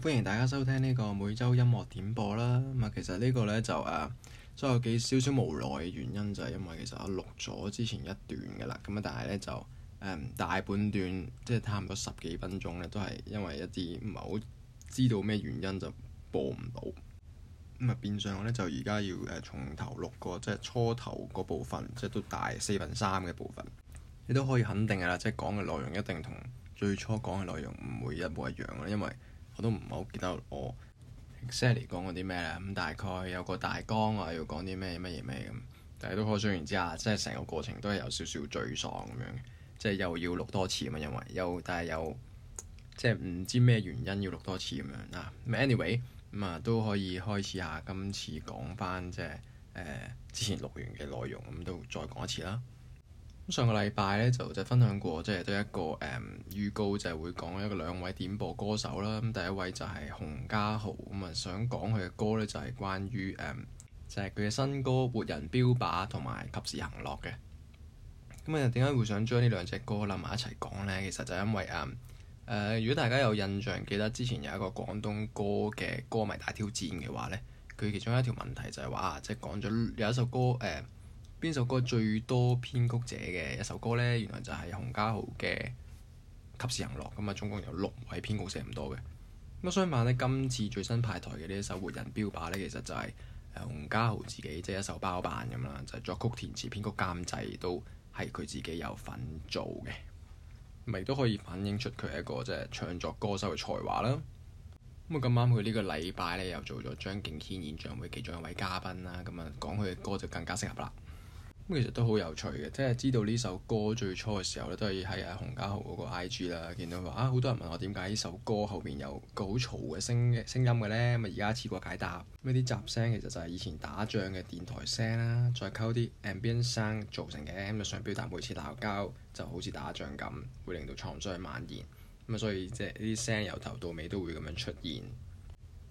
歡迎大家收聽呢、這個每周音樂點播啦。咁啊，其實呢個呢，就誒，都、啊、有幾少少無奈嘅原因，就係因為其實我錄咗之前一段噶啦，咁啊，但係呢，就、嗯、大半段即係、就是、差唔多十幾分鐘呢，都係因為一啲唔係好知道咩原因就播唔到。咁、嗯、啊，變相呢，就而家要誒從頭錄個即係、就是、初頭個部分，即、就、係、是、都大四分三嘅部分，你都可以肯定噶啦，即係講嘅內容一定同最初講嘅內容唔會一模一樣嘅，因為。我都唔係好記得我 exactly 講過啲咩咧，咁大概有個大綱啊，要講啲咩咩嘢咩咁，但係都開張完之後，即係成個過程都係有少少沮喪咁樣嘅，即係又要錄多次啊嘛，因為又但係又即係唔知咩原因要錄多次咁樣嗱。Anyway 咁啊都可以開始下今次講翻即係誒之前錄完嘅內容咁都再講一次啦。咁上個禮拜咧就就分享過，即係都一個誒預、嗯、告，就係會講一個兩位點播歌手啦。咁第一位就係洪嘉豪，咁、嗯、啊想講佢嘅歌咧、嗯，就係關於誒，就係佢嘅新歌《活人標靶》同埋《及時行樂》嘅。咁、嗯、啊，點解會想將呢兩隻歌諗埋一齊講咧？其實就因為啊誒、嗯呃，如果大家有印象記得之前有一個廣東歌嘅歌迷大挑戰嘅話咧，佢其中一條問題就係、是、話、啊、即係講咗有一首歌誒。嗯邊首歌最多編曲者嘅一首歌呢？原來就係洪嘉豪嘅《及時行樂》咁啊，總、嗯、共有六位編曲者咁多嘅。咁啊，相反咧，今次最新派台嘅呢一首《活人標靶》呢，其實就係誒洪嘉豪自己即係、就係、一手包辦咁啦、嗯，就係、作曲、填詞、編曲、監製都係佢自己有份做嘅，咪都可以反映出佢係一個即係唱作歌手嘅才華啦。咁啊，咁啱佢呢個禮拜呢，又做咗張敬軒演唱會其中一位嘉賓啦，咁、嗯、啊講佢嘅歌就更加適合啦。咁其實都好有趣嘅，即係知道呢首歌最初嘅時候咧，都係喺啊洪嘉豪嗰個 I G 啦，見到話啊，好多人問我點解呢首歌後邊有個好嘈嘅聲聲音嘅咧。咁啊，而家次過解答咁啲雜聲其實就係以前打仗嘅電台聲啦，再溝啲 Ambient 聲造成嘅咁啊，想表達每次鬧交就好似打仗咁，會令到創傷蔓延。咁啊，所以即係呢啲聲由頭到尾都會咁樣出現。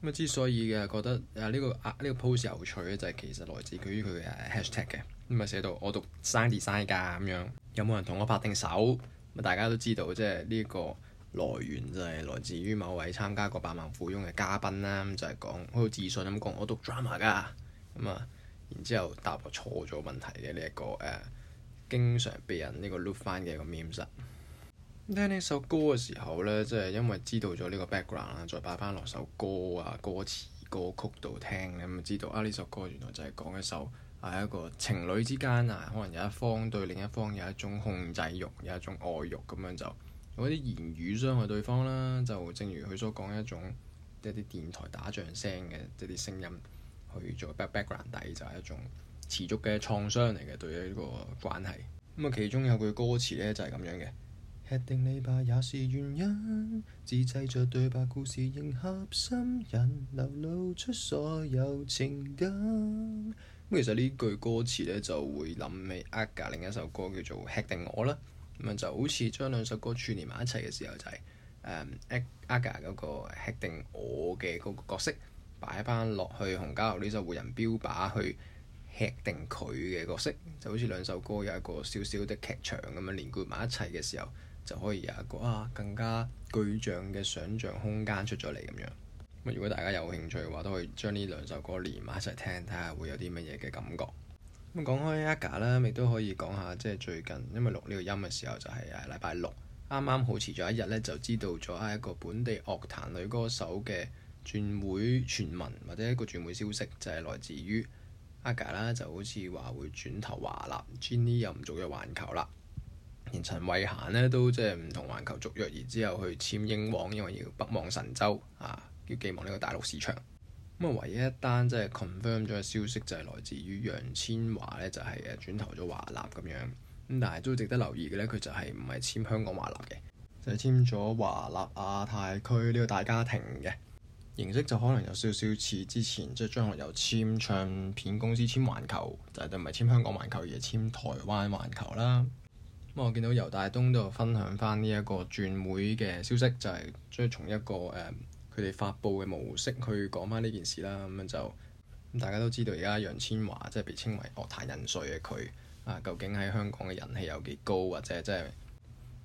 咁之所以嘅覺得、這個、啊呢、這個啊呢個 post 有趣咧，就係、是、其實來自於佢嘅 hashtag 嘅。咁啊寫到我讀 design 㗎咁樣，有冇人同我拍定手？咁大家都知道，即係呢一個來源就係來自於某位參加過百萬富翁嘅嘉賓啦。咁就係講好自信咁講，我讀 drama 噶。咁啊，然之後答錯咗問題嘅呢一個誒、啊，經常被人呢個 look 翻嘅個 meme。聽呢首歌嘅時候呢，即係因為知道咗呢個 background 啦，再擺翻落首歌啊、歌詞、歌曲度聽咧，咁就知道啊呢首歌原來就係講一首係一個情侶之間啊，可能有一方對另一方有一種控制欲，有一種愛欲咁樣就有一啲言語傷害對方啦。就正如佢所講，一種一啲電台打仗聲嘅一啲聲音去做 background 底，就係、是、一種持續嘅創傷嚟嘅對呢個關係。咁、嗯、啊，其中有句歌詞呢，就係、是、咁樣嘅。吃定你吧，也是原因。自製着對白故事，迎合心人，流露出所有情感。咁其實呢句歌詞呢，就會諗起 Aga 另一首歌叫做《吃定我》啦。咁啊，就好似將兩首歌串連埋一齊嘅時候、就是，就係誒 Aga 嗰個吃定我嘅嗰個角色擺翻落去洪嘉豪呢首《活人標靶》去吃定佢嘅角色，就好似兩首歌有一個小小的劇場咁樣連貫埋一齊嘅時候。就可以有一個啊更加具象嘅想像空間出咗嚟咁樣。咁如果大家有興趣嘅話，都可以將呢兩首歌連埋一齊聽，睇下會有啲乜嘢嘅感覺。咁講開 Aga 啦，亦都可以講下即係最近，因為錄呢個音嘅時候就係啊禮拜六，啱啱好遲咗一日咧，就知道咗一個本地樂壇女歌手嘅轉會傳聞，或者一個轉會消息，就係、是、來自於 Aga 啦，就好似話會轉投華納 Jenny 又唔做咗環球啦。陳慧嫻呢都即係唔同環球續約，然之後去簽英皇，因為要北望神州啊，要寄望呢個大陸市場。咁、嗯、啊，唯一一單即係 confirm 咗嘅消息就係來自於楊千嬅呢就係、是、轉投咗華納咁樣。咁、嗯、但係都值得留意嘅呢，佢就係唔係簽香港華納嘅，就係、是、簽咗華納亞太區呢個大家庭嘅形式，就可能有少少似之前即係張學友簽唱片公司簽環球，就係唔係簽香港環球，而係簽台灣環球啦。咁我見到尤大東都分享返呢一個轉會嘅消息，就係、是、將從一個誒佢哋發布嘅模式去講返呢件事啦。咁樣就，大家都知道而家楊千嬅即係、就是、被稱為樂壇人瑞嘅佢，啊究竟喺香港嘅人氣有幾高，或者即係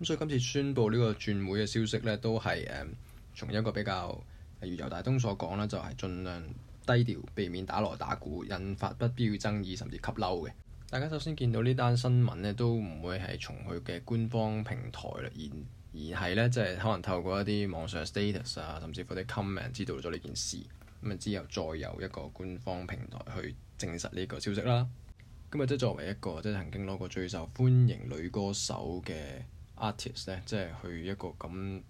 咁所以今次宣布呢個轉會嘅消息呢，都係誒從一個比較，如尤大東所講咧，就係、是、盡量低調，避免打鑼打鼓，引發不必要爭議，甚至吸嬲嘅。大家首先見到呢單新聞呢，都唔會係從佢嘅官方平台啦，而而係呢，即係可能透過一啲網上 status 啊，甚至乎啲 comment 知道咗呢件事咁啊。之後再由一個官方平台去證實呢個消息啦。咁啊，即係作為一個即係曾經攞過最受歡迎女歌手嘅 artist 呢，即係去一個咁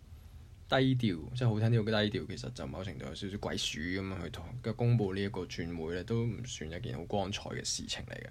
低調，即係好聽啲叫低調。其實就某程度有少少鬼鼠咁樣去同跟住公佈呢一個轉會呢，都唔算一件好光彩嘅事情嚟嘅。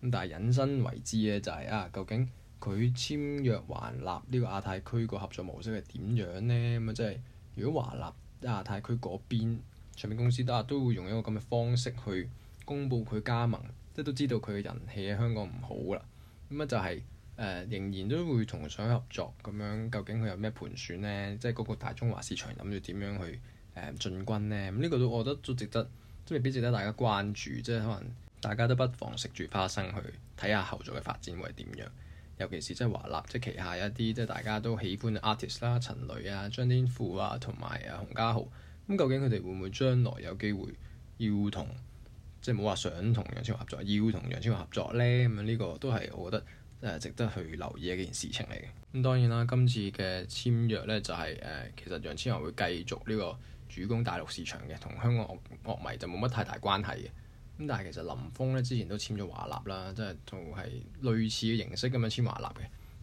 但係引申為之嘅就係、是、啊，究竟佢簽約華立呢個亞太區個合作模式係點樣呢？咁啊、就是，即係如果華立亞太區嗰邊唱片公司都啊都會用一個咁嘅方式去公佈佢加盟，即係都知道佢嘅人氣喺香港唔好啦。咁啊就係、是、誒、呃、仍然都會同佢合作咁樣。究竟佢有咩盤算呢？即係嗰個大中華市場諗住點樣去誒、呃、進軍咧？咁呢個都我覺得都值得，即係比較值得大家關注，即係可能。大家都不妨食住花生去睇下後續嘅發展會係點樣，尤其是即係華納即係、就是、旗下一啲即係大家都喜歡嘅 artist 啦，陳蕾、啊、張天賦啊同埋啊洪嘉豪，咁究竟佢哋會唔會將來有機會要同即係冇話想同楊千嬅合作，要同楊千嬅合作呢？咁樣呢個都係我覺得誒值得去留意嘅一件事情嚟嘅。咁當然啦，今次嘅簽約呢，就係、是、誒、呃，其實楊千嬅會繼續呢個主攻大陸市場嘅，同香港樂，樂迷就冇乜太大關係嘅。但係其實林峯咧之前都簽咗華納啦，即係仲係類似嘅形式咁樣簽華納嘅。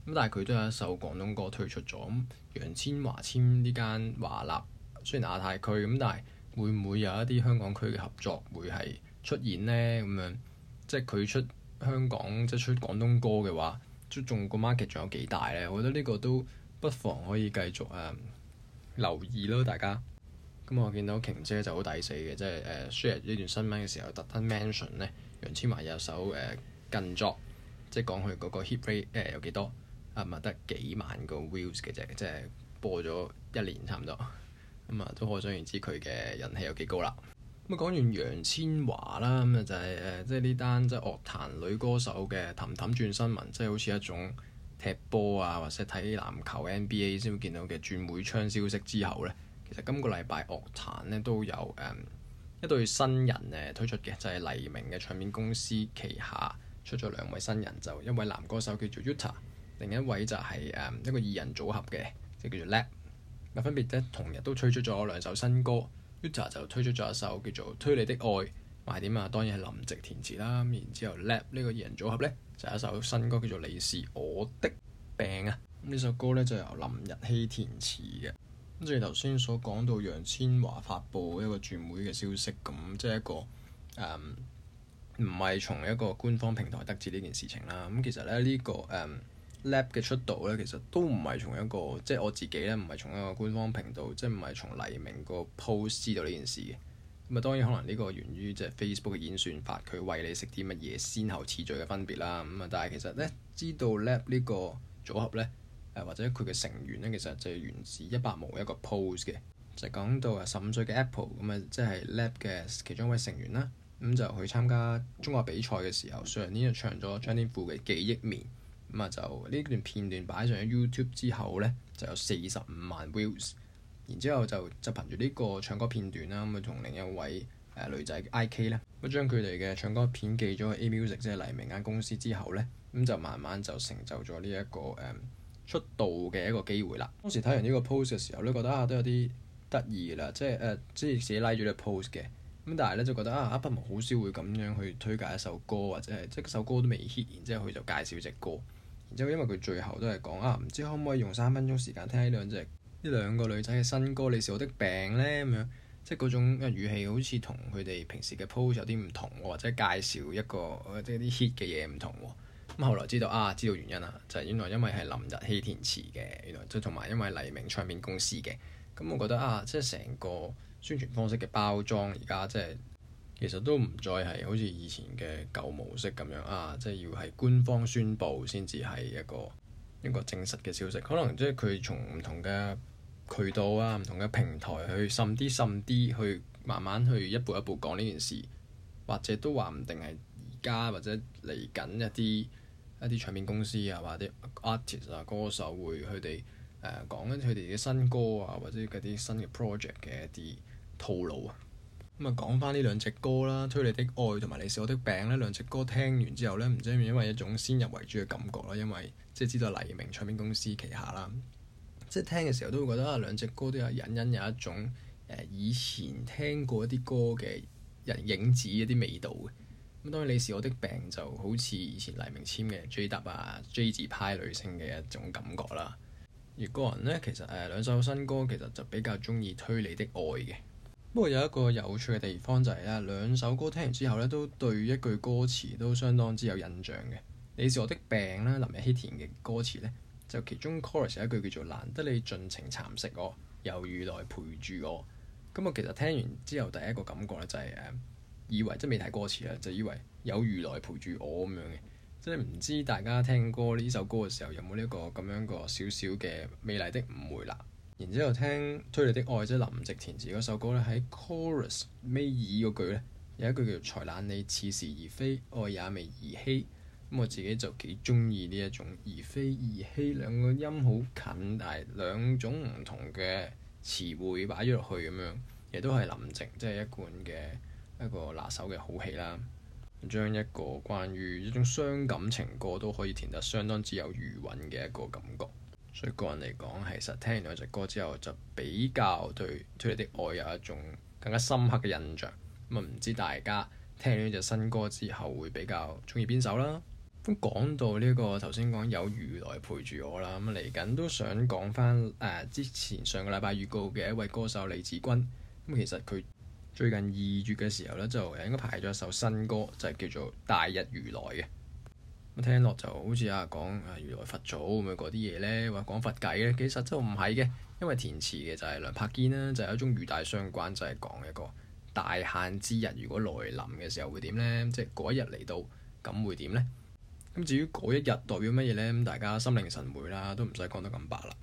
咁但係佢都有一首廣東歌推出咗。咁楊千嬅簽呢間華納雖然亞太區，咁但係會唔會有一啲香港區嘅合作會係出現呢？咁樣即係佢出香港即係、就是、出廣東歌嘅話，即係仲個 market 仲有幾大咧？我覺得呢個都不妨可以繼續誒、呃、留意咯，大家。咁、嗯、我見到瓊姐就好抵死嘅，即係誒 share 呢段新聞嘅時候，特登 mention 呢。楊千嬅有首誒、呃、近作，即係講佢嗰個 hip rate、呃、有幾多？啊，唔係得幾萬個 views 嘅啫，即係播咗一年差唔多，咁、嗯、啊都可想而知佢嘅人氣有幾高啦。咁、嗯、啊講完楊千嬅啦，咁啊就係、是、誒、呃、即係呢單即係樂壇女歌手嘅氹氹轉新聞，即係好似一種踢波啊或者睇籃球 NBA 先會見到嘅轉會窗消息之後呢。其實今個禮拜樂壇咧都有誒、嗯、一對新人咧推出嘅，就係、是、黎明嘅唱片公司旗下出咗兩位新人，就一位男歌手叫做 Yuta，另一位就係、是、誒、嗯、一個二人組合嘅，即叫做 Lab。分別咧同日都推出咗兩首新歌，Yuta 就推出咗一首叫做《推你的愛》，賣點啊當然係林夕填詞啦。然之後 Lab 呢個二人組合咧就是、一首新歌叫做《你是我的病》啊，呢首歌咧就由林日曦填詞嘅。跟住如頭先所講到，楊千嬅發布一個轉會嘅消息，咁即係一個誒，唔、嗯、係從一個官方平台得知呢件事情啦。咁其實咧、這個，呢、嗯、個誒 Lab 嘅出道咧，其實都唔係從一個即係、就是、我自己咧，唔係從一個官方頻道，即係唔係從黎明個 post 知道呢件事嘅。咁啊，當然可能呢個源於即係 Facebook 嘅演算法，佢餵你食啲乜嘢，先後次序嘅分別啦。咁啊，但係其實咧，知道 Lab 呢個組合咧。或者佢嘅成員咧，其實就係源自一百毛一個 post 嘅，就講到啊十五歲嘅 Apple 咁啊，即係 Lab 嘅其中一位成員啦。咁就去參加綜藝比賽嘅時候，上年就唱咗張天賦嘅《記憶棉》咁啊，就呢段片段擺上 YouTube 之後咧，就有四十五萬 views。然之後就就憑住呢個唱歌片段啦，咁啊，同另一位誒、呃、女仔 IK 咧，咁將佢哋嘅唱歌片寄咗去 A Music，即係黎明間公司之後咧，咁就慢慢就成就咗呢一個誒、嗯出道嘅一個機會啦。當時睇完呢個 post 嘅時候咧，覺得啊都有啲得意啦，即係誒、呃、即係自己 like 咗呢個 post 嘅。咁但係咧就覺得啊，阿不毛好少會咁樣去推介一首歌或者係即係首歌都未 hit，然之後佢就介紹隻歌。然之後因為佢最後都係講啊，唔知可唔可以用三分鐘時間聽呢兩隻呢兩個女仔嘅新歌《你是我的病》呢咧，咁樣即係嗰種語氣好似同佢哋平時嘅 post 有啲唔同，或者介紹一個即係啲 hit 嘅嘢唔同喎。咁後來知道啊，知道原因啦，就係原來因為係林日曦填詞嘅，原來即同埋因為黎明唱片公司嘅。咁我覺得啊，即係成個宣傳方式嘅包裝，而家即係其實都唔再係好似以前嘅舊模式咁樣啊，即係要係官方宣布先至係一個一個正式嘅消息。可能即係佢從唔同嘅渠道啊、唔同嘅平台去滲啲滲啲，去慢慢去一步一步講呢件事，或者都話唔定係而家或者嚟緊一啲。一啲唱片公司啊，或者 artist 啊、歌手會佢哋誒講緊佢哋嘅新歌啊，或者嗰啲新嘅 project 嘅一啲套路啊。咁啊、嗯，講翻呢兩隻歌啦，《推理的愛》同埋《你是我的病》呢兩隻歌聽完之後呢，唔知係咪因為一種先入為主嘅感覺啦，因為即係知道黎明唱片公司旗下啦，即係聽嘅時候都會覺得啊，兩隻歌都有隱隱有一種誒、啊、以前聽過一啲歌嘅人影子一啲味道。咁當然你是我的病就好似以前黎明簽嘅 JW 啊 J 字派女性嘅一種感覺啦。而個人呢，其實誒兩首新歌其實就比較中意推理的愛嘅。不過有一個有趣嘅地方就係、是、咧兩首歌聽完之後咧都對一句歌詞都相當之有印象嘅。你是我的病咧林日曦填嘅歌詞呢，就其中 chorus 一句叫做難得你盡情蠶食我猶如來陪住我。咁我其實聽完之後第一個感覺咧就係、是、誒。以為即係未睇歌詞啊，就以為有如來陪住我咁樣嘅，即係唔知大家聽歌呢首歌嘅時候有冇呢、呢個、一個咁樣個少少嘅美麗的誤會啦。然之後聽《推理的愛》即係林夕填詞嗰首歌咧，喺 chorus 尾二嗰句咧有一句叫做「才懶你似是而非，愛也未兒戲」。咁我自己就幾鍾意呢一種而非兒戲兩個音好近，但係兩種唔同嘅詞彙擺咗落去咁樣，亦都係林夕即係一貫嘅。一個拿手嘅好戲啦，將一個關於一種傷感情歌都可以填得相當之有餘韻嘅一個感覺。所以個人嚟講，其實聽完呢隻歌之後，就比較對《追憶的愛》有一種更加深刻嘅印象。咁、嗯、啊，唔知大家聽完呢隻新歌之後，會比較中意邊首啦？咁、嗯、講到呢、這個頭先講有餘來陪住我啦，咁嚟緊都想講翻誒、啊、之前上個禮拜預告嘅一位歌手李芷君。咁、嗯、其實佢。最近二月嘅時候咧，就應該排咗一首新歌，就係叫做《大日如來》嘅。咁聽落就好似啊講啊如來佛祖咁樣嗰啲嘢咧，話講佛偈咧，其實就唔係嘅，因為填詞嘅就係梁栢堅啦，就係一種語帶相關，就係講一個大限之日如果來臨嘅時候會點咧，即係嗰一日嚟到咁會點咧。咁至於嗰一日代表乜嘢咧？咁大家心領神會啦，都唔使講得咁白啦。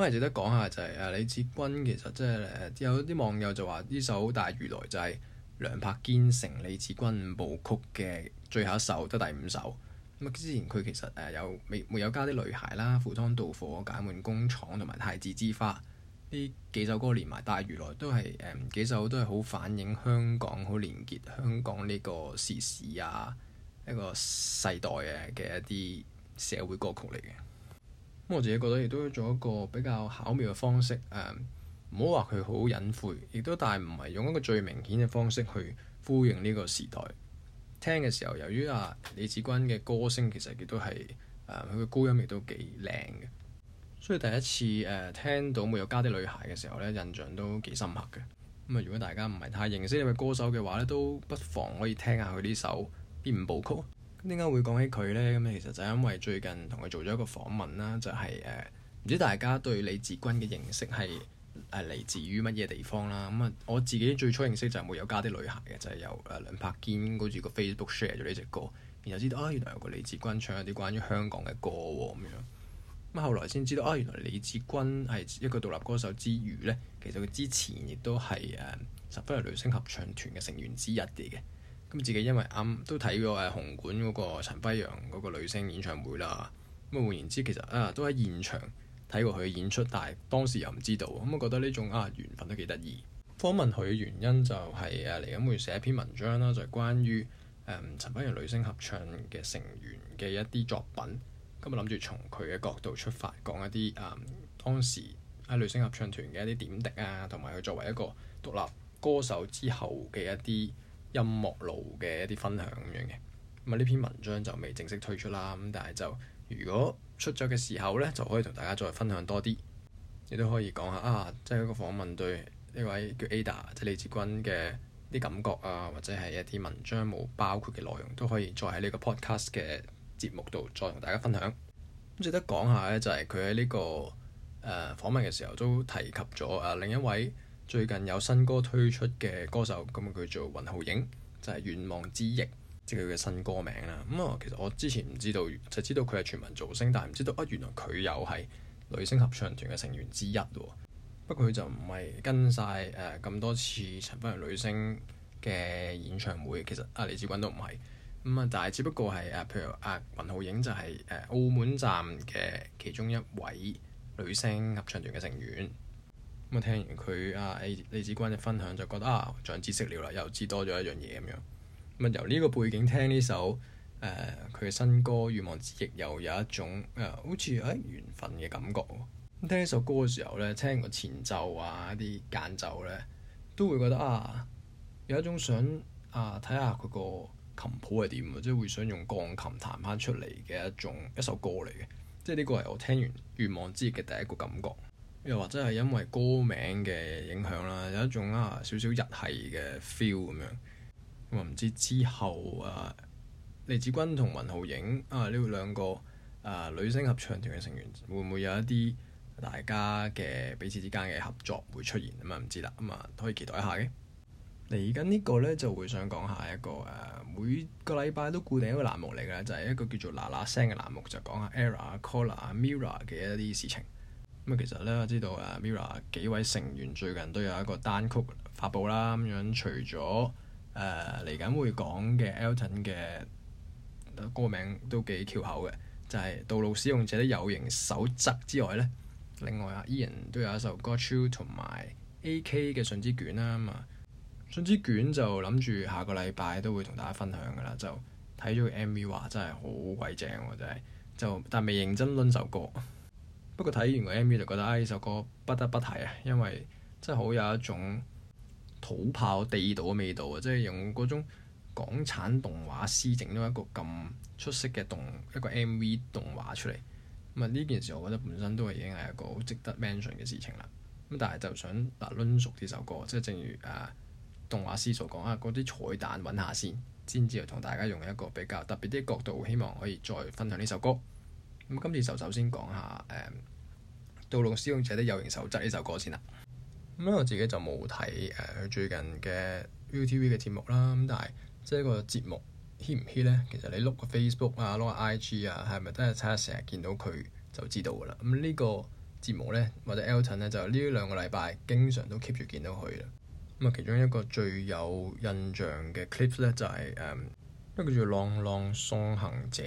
咁係值得講下就係誒李芷君，其實即係誒有啲網友就話，呢首《大魚來》就係梁栢堅、成李芷君部曲嘅最後一首，得第五首。咁啊，之前佢其實誒有未有加啲女孩啦、赴湯蹈火、解悶工廠同埋太子之花呢幾首歌，連埋《大魚來》都係誒，幾首都係好反映香港好，連結香港呢個時事啊一個世代嘅嘅一啲社會歌曲嚟嘅。我自己覺得亦都做一個比較巧妙嘅方式，誒唔好話佢好隱晦，亦都但係唔係用一個最明顯嘅方式去呼應呢個時代。聽嘅時候，由於阿李芷君嘅歌聲其實亦都係誒佢嘅高音亦都幾靚嘅，所以第一次誒聽到《沒有家的女孩》嘅時候咧，印象都幾深刻嘅。咁啊，如果大家唔係太認識呢位歌手嘅話咧，都不妨可以聽下佢呢首呢五部曲。點解會講起佢咧？咁其實就係因為最近同佢做咗一個訪問啦，就係誒唔知大家對李芷君嘅認識係係嚟自於乜嘢地方啦？咁啊、嗯，我自己最初認識就冇有，有加啲女孩嘅，就係、是、由誒、啊、梁栢堅嗰個 Facebook share 咗呢隻歌，然後知道啊，原來有個李芷君唱一啲關於香港嘅歌喎咁樣。咁後來先知道啊，原來李芷君係一個獨立歌手之餘咧，其實佢之前亦都係誒十分人女星合唱團嘅成員之一嚟嘅。咁自己因為啱都睇過誒紅館嗰個陳輝陽嗰個女聲演唱會啦。咁啊，換言之，其實啊，都喺現場睇過佢嘅演出，但係當時又唔知道。咁、啊、我覺得呢種啊緣分都幾得意。訪問佢嘅原因就係、是、啊嚟緊會寫一篇文章啦，就係、是、關於誒、嗯、陳輝陽女聲合唱嘅成員嘅一啲作品。咁、嗯、啊，諗住從佢嘅角度出發，講一啲啊、嗯、當時喺女聲合唱團嘅一啲點滴啊，同埋佢作為一個獨立歌手之後嘅一啲。音樂路嘅一啲分享咁樣嘅，咁啊呢篇文章就未正式推出啦，咁但係就如果出咗嘅時候呢，就可以同大家再分享多啲。你都可以講下啊，即係一個訪問對呢位叫 Ada 即係李芷君嘅啲感覺啊，或者係一啲文章冇包括嘅內容，都可以再喺呢個 podcast 嘅節目度再同大家分享。咁值得講下呢、這個，就係佢喺呢個誒訪問嘅時候都提及咗啊另一位。最近有新歌推出嘅歌手，咁啊叫做雲浩影，就係、是、願望之翼，即係佢嘅新歌名啦。咁、嗯、啊、哦，其實我之前唔知道，就知道佢係全民造星，但係唔知道啊，原來佢又係女聲合唱團嘅成員之一。不過佢就唔係跟晒誒咁多次陳百倫女聲嘅演唱會。其實啊，李芷君都唔係咁啊，但係只不過係啊、呃，譬如啊雲浩影就係、是、誒、呃、澳門站嘅其中一位女聲合唱團嘅成員。咁啊，聽完佢啊李芷君嘅分享，就覺得啊，長知識了啦，又知多咗一樣嘢咁樣。咁、嗯、啊，由呢個背景聽呢首誒佢嘅新歌《願望之翼》，又有一種誒、呃、好似誒、欸、緣分嘅感覺。咁聽呢首歌嘅時候咧，聽個前奏啊一啲間奏咧，都會覺得啊有一種想啊睇下佢個琴譜係點嘅，即係會想用鋼琴彈翻出嚟嘅一種一首歌嚟嘅。即係呢個係我聽完《願望之翼》嘅第一個感覺。又或者係因為歌名嘅影響啦，有一種啊少少日系嘅 feel 咁樣。我唔知之後啊，李芷君同雲浩影啊呢兩個啊女星合唱團嘅成員會唔會有一啲大家嘅彼此之間嘅合作會出現啊？唔知啦，咁啊可以期待一下嘅。嚟緊呢個咧就會想講下一個誒、啊、每個禮拜都固定一個欄目嚟㗎，就係、是、一個叫做嗱嗱聲嘅欄目，就講下 Error、Collar、Mirror 嘅一啲事情。咁其實咧我知道啊 Mira 幾位成員最近都有一個單曲發布啦。咁樣除咗誒嚟緊會講嘅 Alton 嘅歌名都幾翹口嘅，就係、是、道路使用者的有形手則之外咧，另外啊，依然都有一首 Got You 同埋 AK 嘅信之卷啦嘛。信之卷就諗住下個禮拜都會同大家分享噶啦，就睇咗 MV 話真係好鬼正、啊，真係就但未認真論首歌。不過睇完個 M V 就覺得啊，呢首歌不得不提啊，因為真係好有一種土炮地道嘅味道啊！即係用嗰種港產動畫師整咗一個咁出色嘅動一個 M V 動畫出嚟，咁啊呢件事我覺得本身都已經係一個好值得 mention 嘅事情啦。咁但係就想嗱，論述呢首歌，即係正如誒動畫師所講啊，嗰啲彩蛋揾下先，先至同大家用一個比較特別啲角度，希望可以再分享呢首歌。咁今次就首先講下誒。嗯道路使用者的有型守則呢首歌先啦。咁、嗯、我自己就冇睇誒佢最近嘅 ViuTV 嘅節目啦。咁、嗯、但係即係個節目 hit 唔 hit 咧？其實你碌個 Facebook 啊，攞個 IG 啊，係咪都係睇下成日見到佢就知道㗎啦。咁、嗯、呢、呢個節目咧，或者 Alton 咧，就呢兩個禮拜經常都 keep 住見到佢啦。咁、嗯、啊，其中一個最有印象嘅 clip 咧，就係誒一個叫浪浪送行者。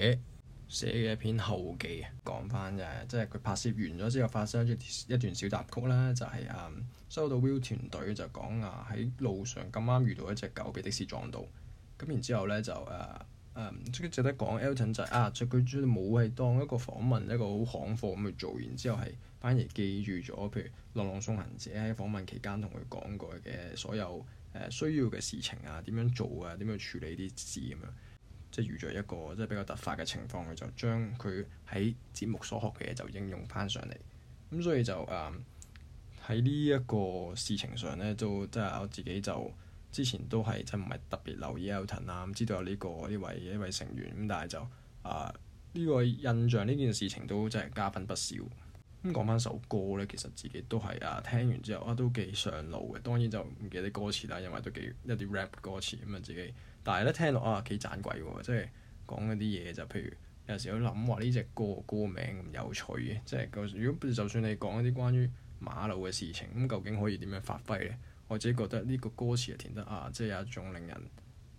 寫嘅一篇後記，講翻嘅，即係佢拍攝完咗之後發生一段小插曲啦，就係、是、誒、嗯、收到 Will 團隊就講啊喺路上咁啱遇到一隻狗被的士撞到，咁然之後咧就誒誒，最、啊、值得講 Alton 就係、啊，佢冇係當一個訪問一個好行貨咁去做，然之後係反而記住咗，譬如《浪浪送行者》喺訪問期間同佢講過嘅所有誒、呃、需要嘅事情啊，點樣做啊，點樣處理啲事咁、啊、樣。即係遇著一個即係比較突發嘅情況，佢就將佢喺節目所學嘅嘢就應用翻上嚟，咁所以就誒喺呢一個事情上咧，都即係我自己就之前都係真唔係特別留意 Alton 啊，唔知道有呢、這個呢位一位成員，咁、嗯、但係就啊呢、這個印象呢件事情都真係加分不少。咁講翻首歌咧，其實自己都係啊聽完之後啊都幾上腦嘅，當然就唔記得歌詞啦，因為都幾一啲 rap 歌詞咁啊、嗯、自己。但係咧聽落啊幾盞鬼喎，即係講嗰啲嘢就譬如有時去諗話呢隻歌歌名咁有趣嘅，即係如果就算你講一啲關於馬路嘅事情，咁究竟可以點樣發揮咧？我自己覺得呢個歌詞係填得啊，即係有一種令人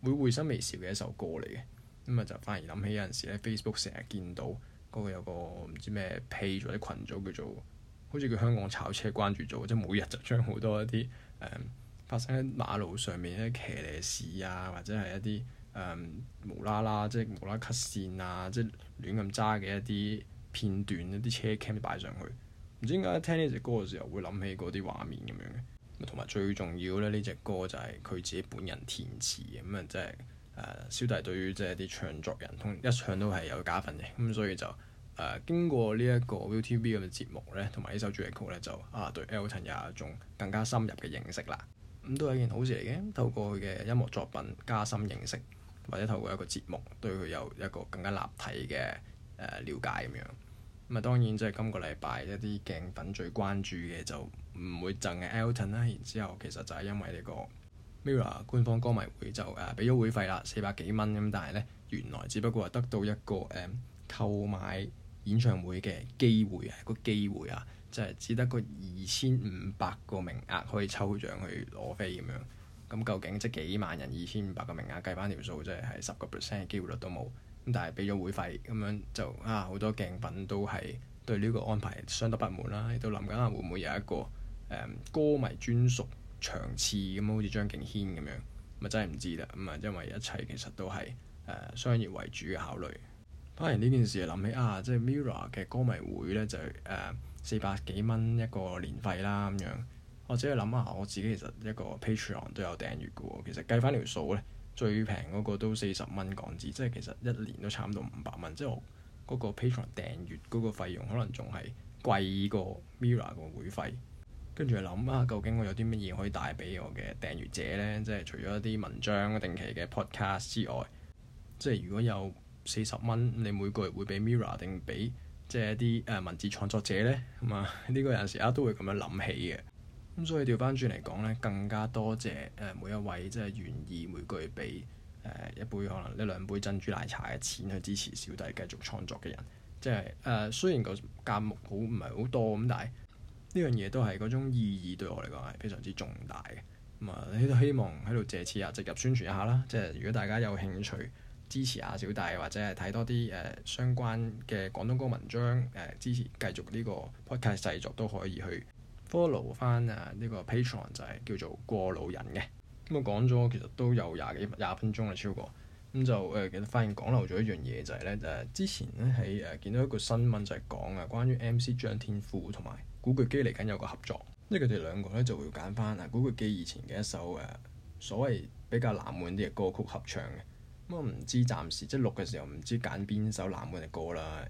會會心微笑嘅一首歌嚟嘅。咁啊就反而諗起有陣時咧 Facebook 成日見到嗰個有個唔知咩 page 或者羣組叫做好似叫香港炒車關注組，即係每日就將好多一啲誒。嗯發生喺馬路上面一啲騎呢士啊，或者係一啲誒、嗯、無啦啦，即係無啦 cut 線啊，即係亂咁揸嘅一啲片段，一啲車 cam 擺上去，唔知點解聽呢隻歌嘅時候會諗起嗰啲畫面咁樣嘅。同埋最重要咧，呢隻歌就係佢自己本人填詞嘅咁啊，即係誒小弟對於即係啲唱作人一向都係有加分嘅咁、嗯，所以就誒、呃、經過呢一個 Viu TV 嘅節目咧，同埋呢首主題曲咧，就啊對 Alton 有一種更加深入嘅認識啦。咁、嗯、都係一件好事嚟嘅，透過佢嘅音樂作品加深認識，或者透過一個節目對佢有一個更加立體嘅誒瞭解咁樣。咁啊，當然即係、就是、今個禮拜一啲鏡粉最關注嘅就唔會贈嘅 Alton 啦。然後之後其實就係因為呢個 Mirror 官方歌迷會就誒俾咗會費啦，四百幾蚊咁，但係咧原來只不過係得到一個誒、呃、購買演唱會嘅機會啊，嗰個機會啊。即係只得個二千五百個名額可以抽獎去攞飛咁樣。咁究竟即係幾萬人，二千五百個名額，計返條數，即係係十個 percent 嘅機會率都冇。咁但係俾咗會費咁樣就啊，好多鏡品都係對呢個安排相當不滿啦。亦都諗緊啊，會唔會有一個誒、嗯、歌迷專屬場次咁啊？好似張敬軒咁樣咪真係唔知啦。咁啊，因為一切其實都係誒、啊、商業為主嘅考慮。當然呢件事就諗起啊，即係 Mirror 嘅歌迷會咧就誒。啊四百幾蚊一個年費啦咁樣，或者係諗下我自己其實一個 Patreon 都有訂閲嘅喎，其實計翻條數咧，最平嗰個都四十蚊港紙，即係其實一年都差唔多五百蚊，即係我嗰個 Patreon 訂閲嗰個費用可能仲係貴過 Mira 個會費。跟住諗下，究竟我有啲乜嘢可以帶俾我嘅訂閲者咧？即係除咗一啲文章定期嘅 Podcast 之外，即係如果有四十蚊，你每個月會俾 Mira 定俾？即係一啲誒、呃、文字創作者咧，咁啊呢個有時啊都會咁樣諗起嘅。咁、嗯、所以調翻轉嚟講咧，更加多謝誒、呃、每一位即係願意每個月俾誒、呃、一杯可能呢兩杯珍珠奶茶嘅錢去支持小弟繼續創作嘅人。嗯、即係誒、呃、雖然個監目好唔係好多咁，但係呢樣嘢都係嗰種意義對我嚟講係非常之重大嘅。咁、嗯、啊、嗯、希望喺度借此啊直入宣傳一下啦。即係如果大家有興趣，支持阿小弟或者係睇多啲誒、呃、相關嘅廣東歌文章誒，支、呃、持繼續呢個 podcast 製作都可以去 follow 翻啊呢、呢個 Patreon 就係叫做過路人嘅。咁、嗯、我講咗其實都有廿幾廿分鐘啦超過，咁、嗯、就、呃、記得發現講漏咗一樣嘢就係咧誒，之前咧喺誒見到一個新聞就係講啊關於 MC 張天賦同埋古巨基嚟緊有個合作，即係佢哋兩個咧就會揀翻啊古巨基以前嘅一首誒、啊、所謂比較冷門啲嘅歌曲合唱嘅。咁我唔知，暫時即係錄嘅時候唔知揀邊首男嘅歌啦。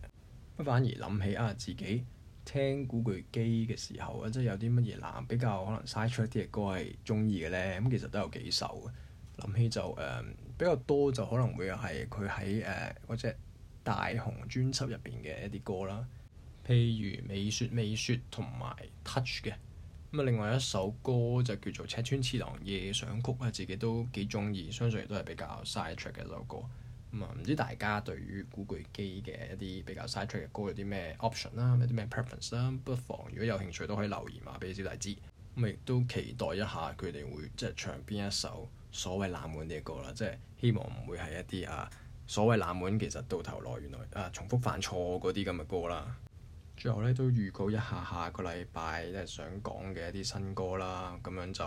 咁反而諗起啊，自己聽古巨基嘅時候啊，即係有啲乜嘢男比較可能嘥出一啲嘅歌係中意嘅咧。咁其實都有幾首嘅。諗起就誒、呃、比較多就可能會係佢喺誒嗰隻大雄專輯入邊嘅一啲歌啦。譬如《美雪美雪》同埋《Touch》嘅。咁另外一首歌就叫做《赤川次郎夜想曲》啊，自己都幾中意，相信亦都係比較 s 出嘅一首歌。咁、嗯、啊，唔知大家對於古巨基嘅一啲比較 s 出嘅歌有啲咩 option 啦、啊，有啲咩 preference 啦、啊？不妨如果有興趣都可以留言啊，俾小弟知。咁、嗯、亦都期待一下佢哋會即係唱邊一首所謂冷門嘅歌啦，即係希望唔會係一啲啊所謂冷門，其實到頭來原來啊重複犯錯嗰啲咁嘅歌啦。最後咧都預告一下下個禮拜即係想講嘅一啲新歌啦，咁樣就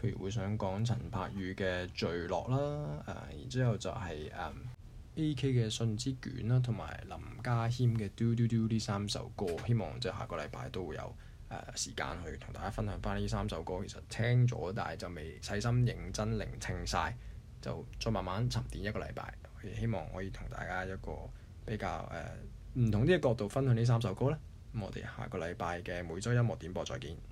譬如會想講陳柏宇嘅《墜落》啦，誒、呃，然之後就係、是、誒、呃、A.K. 嘅《信之卷》啦，同埋林家謙嘅《嘟嘟嘟》呢三首歌，希望即係下個禮拜都會有誒、呃、時間去同大家分享返呢三首歌。其實聽咗，但係就未細心認真聆聽晒，就再慢慢沉澱一個禮拜，希望可以同大家一個比較誒、呃唔同啲嘅角度分享呢三首歌咧，咁我哋下個禮拜嘅每周音樂點播再見。